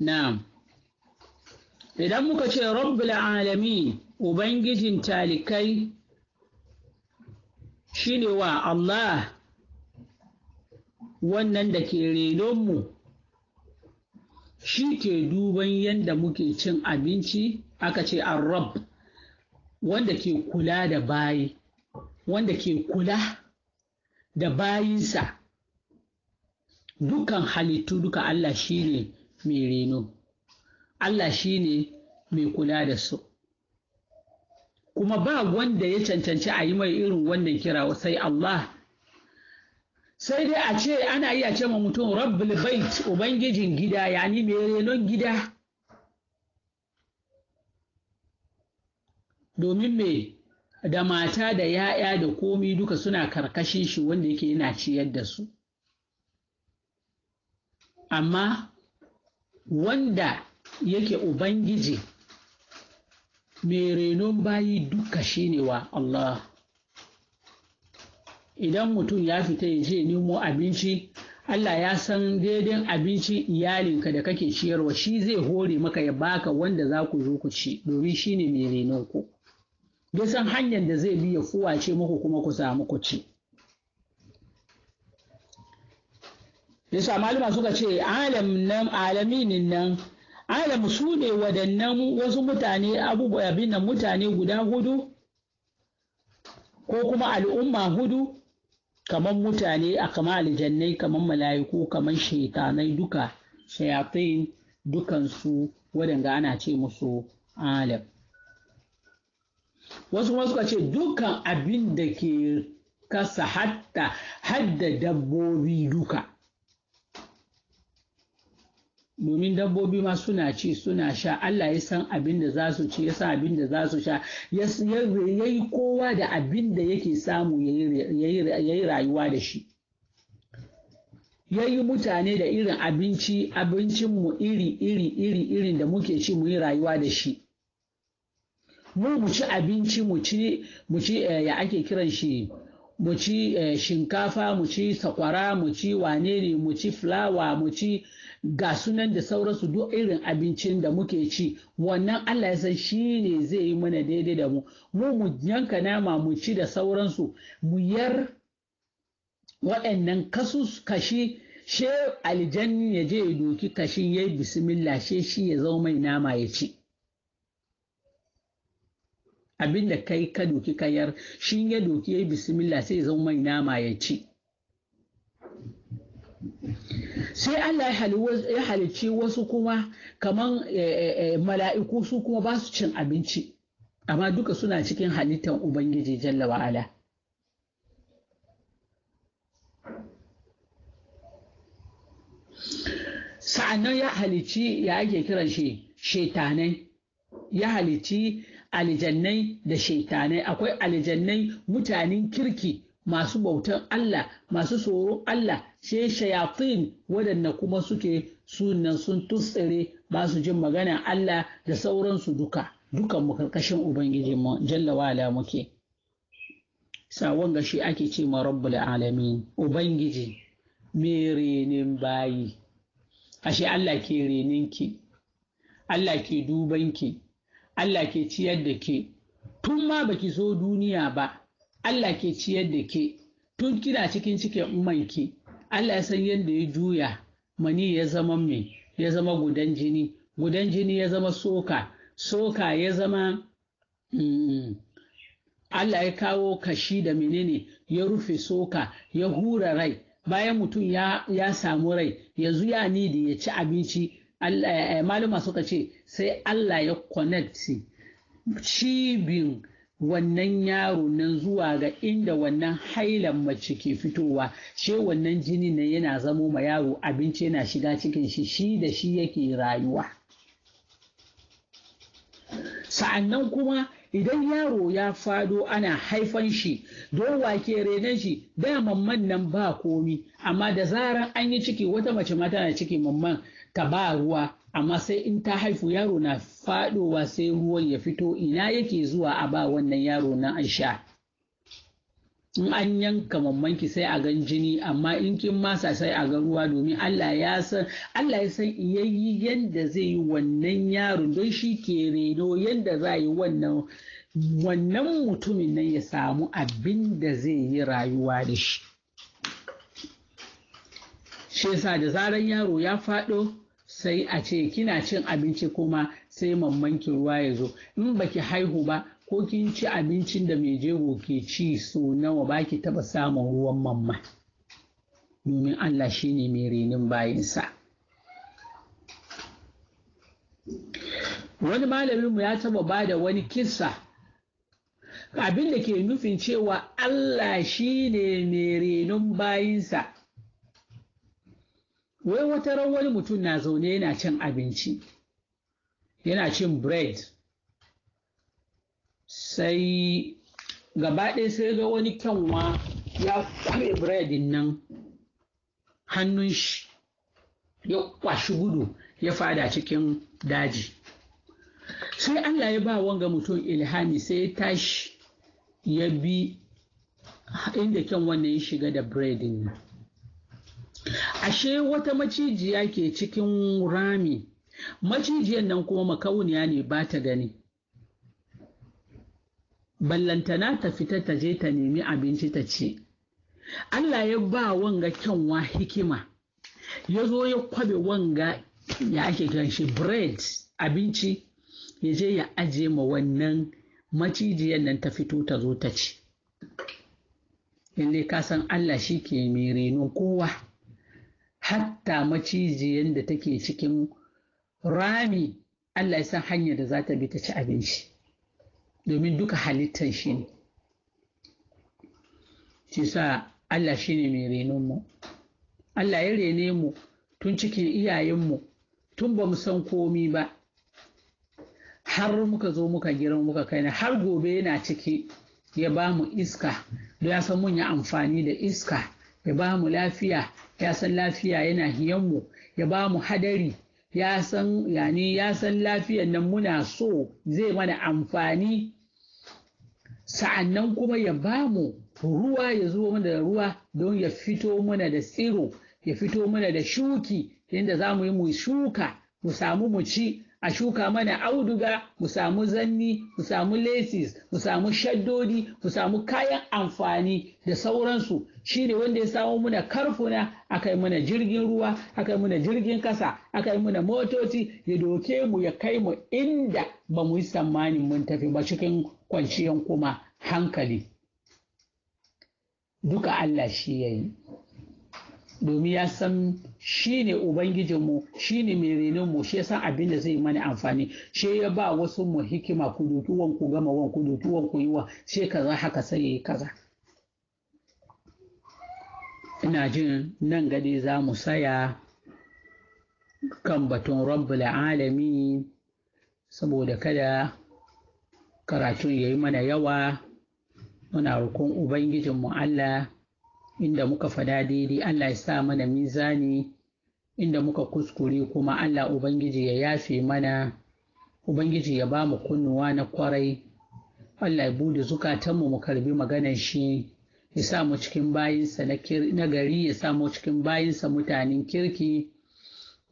na'am idan muka ce rabbul alami ubangijin talikai shine wa Allah wannan da ke renonmu shi ke duban yadda muke cin abinci aka ce arab wanda ke kula da bayi wanda ke kula da bayinsa dukan halittu duka Allah shi ne mai reno Allah shi ne mai kula da su kuma ba wanda ya cancanci a yi mai irin wannan kira sai Allah sai dai a ce ana iya ce ma mutum rabbul bait ubangijin gida yani mai renon gida domin me da mata da ‘ya'ya da komi duka suna karkashin shi wanda yake yana ciyar da su. Amma wanda yake ubangiji mai renon bayi duka shine wa Allah idan mutum ya fita ya je nemo abinci Allah ya san daidai abinci iyalinka da kake ciyarwa shi zai hore maka ya baka wanda za ku zo ku ci domin shi ne mai renon ku. san hanyar da zai bi ya ce muku kuma ku samu ku ci. yasa malama suka ce alam nan alaminin nan alam su ne waɗannan wasu mutane abubuwa nan mutane guda hudu ko kuma al'umma hudu kamar mutane a kama aljannai kamar mala'iku kamar shekanai duka shayatin dukansu waɗanda ana ce musu alam wasu kuma suka ce dukan abin da ke kasa hatta hadda dabbobi duka domin dabbobi ma suna ci suna sha Allah ya san abin da za su ci ya san abin da za su sha ya yi kowa da abin da yake samu ya yi rayuwa da shi ya yi mutane da irin abinci abincinmu iri iri iri irin da muke ci mu yi rayuwa da shi mu ci abinci mu ci eh, ya ake kiran shi mu ci eh, shinkafa mu ci sakwara mu ci wane ne mu ci fulawa mu ci ga sunan da sauransu duk irin abincin da muke ci wannan allah ya san shi ne zai yi mana daidai da mu mu mu yanka nama mu ci da sauransu mu yar waɗannan kasus kashi she aljanni ya je ya doki kashin ya yi bismillah she shi ya zama mai nama ya ci abin da kai ka doki kayar shi ya doki ya yi bismillah sai zama mai nama ya ci sai Allah ya halicci wasu kuma kamar eh, eh, eh, mala'iku su kuma ba su cin abinci amma duka suna cikin halittar ubangiji jalla wa'ala sa'annan ya halicci ya ake kiran shi shetanai ya halicci Alijannai da shaitanai akwai aljannai mutanen kirki masu bautan Allah masu tsoron Allah sai shayatin waɗanda kuma suke sunan sun tutsire ba su jin magana Allah da sauransu duka dukan mu karkashin ubangiji mu jalla wala muke sawon ga shi ake ce ma rabbul alamin ubangiji me renin bayi ashe Allah ke reninki Allah ke dubanki Allah ke ciyar da ke tun ma baki zo duniya ba Allah ke ciyar da ke tun kina cikin cikin umanki Allah ya san yadda ya juya mani ya zama mai ya zama gudan jini gudan jini ya zama soka soka ya zama Allah ya kawo kashi da menene ya rufe soka ya hura rai bayan mutum ya, samu rai yanzu ya da ya ci abinci Eh, eh, maluma suka ce sai Allah ya connect cibin wannan yaro nan zuwa ga inda wannan hailan mace ke fitowa she wannan jini nan yana zamo ma yaro abinci yana shiga cikin shi shi da shi yake rayuwa sa'annan kuma idan yaro ya fado ana haifan shi don wake renan shi da mamman nan ba komi amma da zarar an yi ciki wata mace mata tana ciki mamman ta ba ruwa amma sai in ta haifu yaro na faɗowa, sai ruwan ya fito ina yake zuwa a ba wannan yaro na an sha in an yanka mammanki sai a gan jini amma in kin masa sai a ga ruwa domin Allah ya san Allah ya san yayi yanda zai yi wannan yaro don shi ke reno yanda za yi wannan wannan mutumin nan ya samu abin da zai yi rayuwa da shi shi yasa da zaran yaro ya faɗo sai a ce kina cin abinci kuma sai mammanki ruwa ya zo in baki haihu ba ko kin ci abincin da mai jego ke ci so nawa baki taba samun ruwan mamma domin Allah shi ne mai renin bayinsa wani malaminmu ya taba ba da wani kissa abin da ke nufin cewa Allah shi ne mai renin bayinsa wai wata ran wani mutum na zaune yana cin abinci yana cin bread sai ɗaya sai ga wani kyanwa ya kwabe bread nan hannun shi ya kwashi gudu ya fada cikin daji sai allah ya ba wanga mutum ilhami sai ya tashi ya bi inda kyan wannan ya shiga da bread. nan ashe wata macijiya ke cikin rami macijiyan nan kuma makauniya ne ba ta gani ballantana ta fita ta je ta nemi abinci ta ce, Allah ya ba wanga kyanwa hikima ya zo ya kwabe wanga ya ake kiran shi bread abinci ya je ya aje ma wannan macijiyan nan ta fito ta zo ta ci in ka san Allah shi ke mai renon kowa hatta macijiyar da take cikin rami Allah ya san hanyar da za ta bi ta ci abinci domin duka halittar shi ne shi sa Allah shi ne mai renon mu Allah ya rene mu tun cikin iyayenmu tun ba san komi ba har muka zo muka girma muka kai na har gobe yana ciki ya ba mu iska da ya san mun yi amfani da iska ya ba mu lafiya ya san lafiya yana hiyanmu ya ba mu hadari ya san yani ya san lafiyan nan muna so zai mana amfani sa'annan kuma ya ba mu ruwa ya zo mana da ruwa don ya fito mana da tsiro ya fito mana da shuki yadda za mu yi mu shuka mu samu mu ci a shuka mana auduga mu samu zanni mu samu laces mu samu shaddodi mu samu kayan amfani da sauransu shine wanda ya samu muna karfuna aka yi muna jirgin ruwa aka yi muna jirgin kasa aka yi muna motoci ya doke mu ya kai mu inda ba mu yi tsammanin mun tafi ba cikin kwanciyan kuma hankali duka Allah shi ya yi domin ya san shi ne ubangijinmu shi ne mai renonmu shi ya san abin da zai yi mana amfani shi ya ba wasu mu hikima ku dutu ku gama wan ku wanku yi wa sai kaza haka sai ya yi kaza ina jin nan gade za mu saya kan batun rabbul alami saboda kada karatun ya yi mana yawa muna rukun ubangijinmu Allah inda muka fada daidai Allah ya sa mana mizani inda muka kuskure kuma Allah Ubangiji ya yafe mana Ubangiji ya ba mu kunnuwa na kwarai Allah ya bude zukatanmu mu karbi maganar shi ya sa mu cikin bayinsa na gari ya sa mu cikin bayinsa mutanen kirki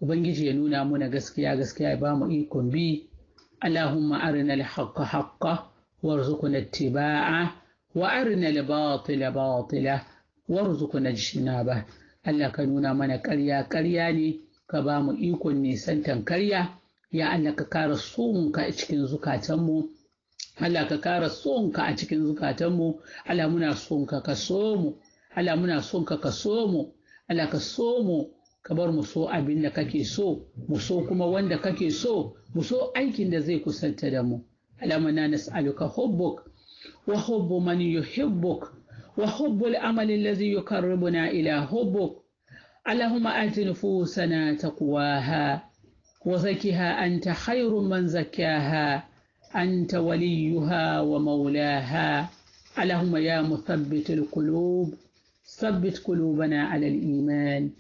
Ubangiji ya nuna muna gaskiya gaskiya ya ba mu ikon bi Allahumma arina al-haqqa haqqa warzuqna ittiba'a wa arina al-batila batila na warzuku jishina ba. Allah ka nuna mana karya-karya ne ka ba mu ikon nisantan karya ya Allah ka kara sonka a cikin zukatanmu Allah ka kara sonka a cikin zukatanmu Allah muna sonka ka so mu Allah muna sonka ka so mu Allah ka so mu ka bar mu so abin da kake so mu so kuma wanda kake so mu so aikin da zai kusanta da mu Allah muna nas'aluka hubbuk wa hubbu man yuhibbuk وحب الأمل الذي يقربنا إلى حبك اللهم آت نفوسنا تقواها وزكها أنت خير من زكاها أنت وليها ومولاها اللهم يا مثبت القلوب ثبت قلوبنا على الإيمان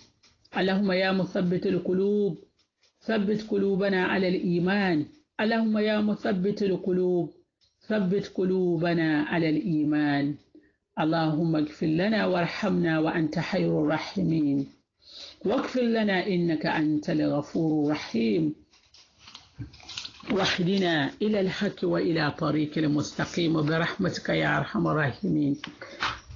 اللهم يا مثبت القلوب ثبت قلوبنا على الإيمان اللهم يا مثبت القلوب ثبت قلوبنا على الإيمان اللهم اغفر لنا وارحمنا وأنت خير الراحمين واغفر لنا إنك أنت الغفور الرحيم واهدنا إلى الحق وإلى طريق المستقيم برحمتك يا أرحم الراحمين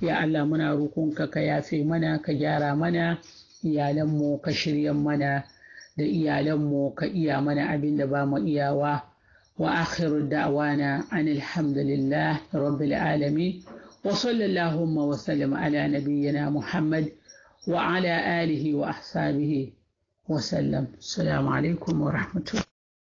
يا الله منا ركونك كيا في منا كجارا منا يا لمو كشريا منا يا لمو ka منا mana دبام da وآخر الدعوانا عن الحمد لله رب العالمين وصلى اللهم وسلم على نبينا محمد وعلى آله وأحسابه وسلم السلام عليكم ورحمة الله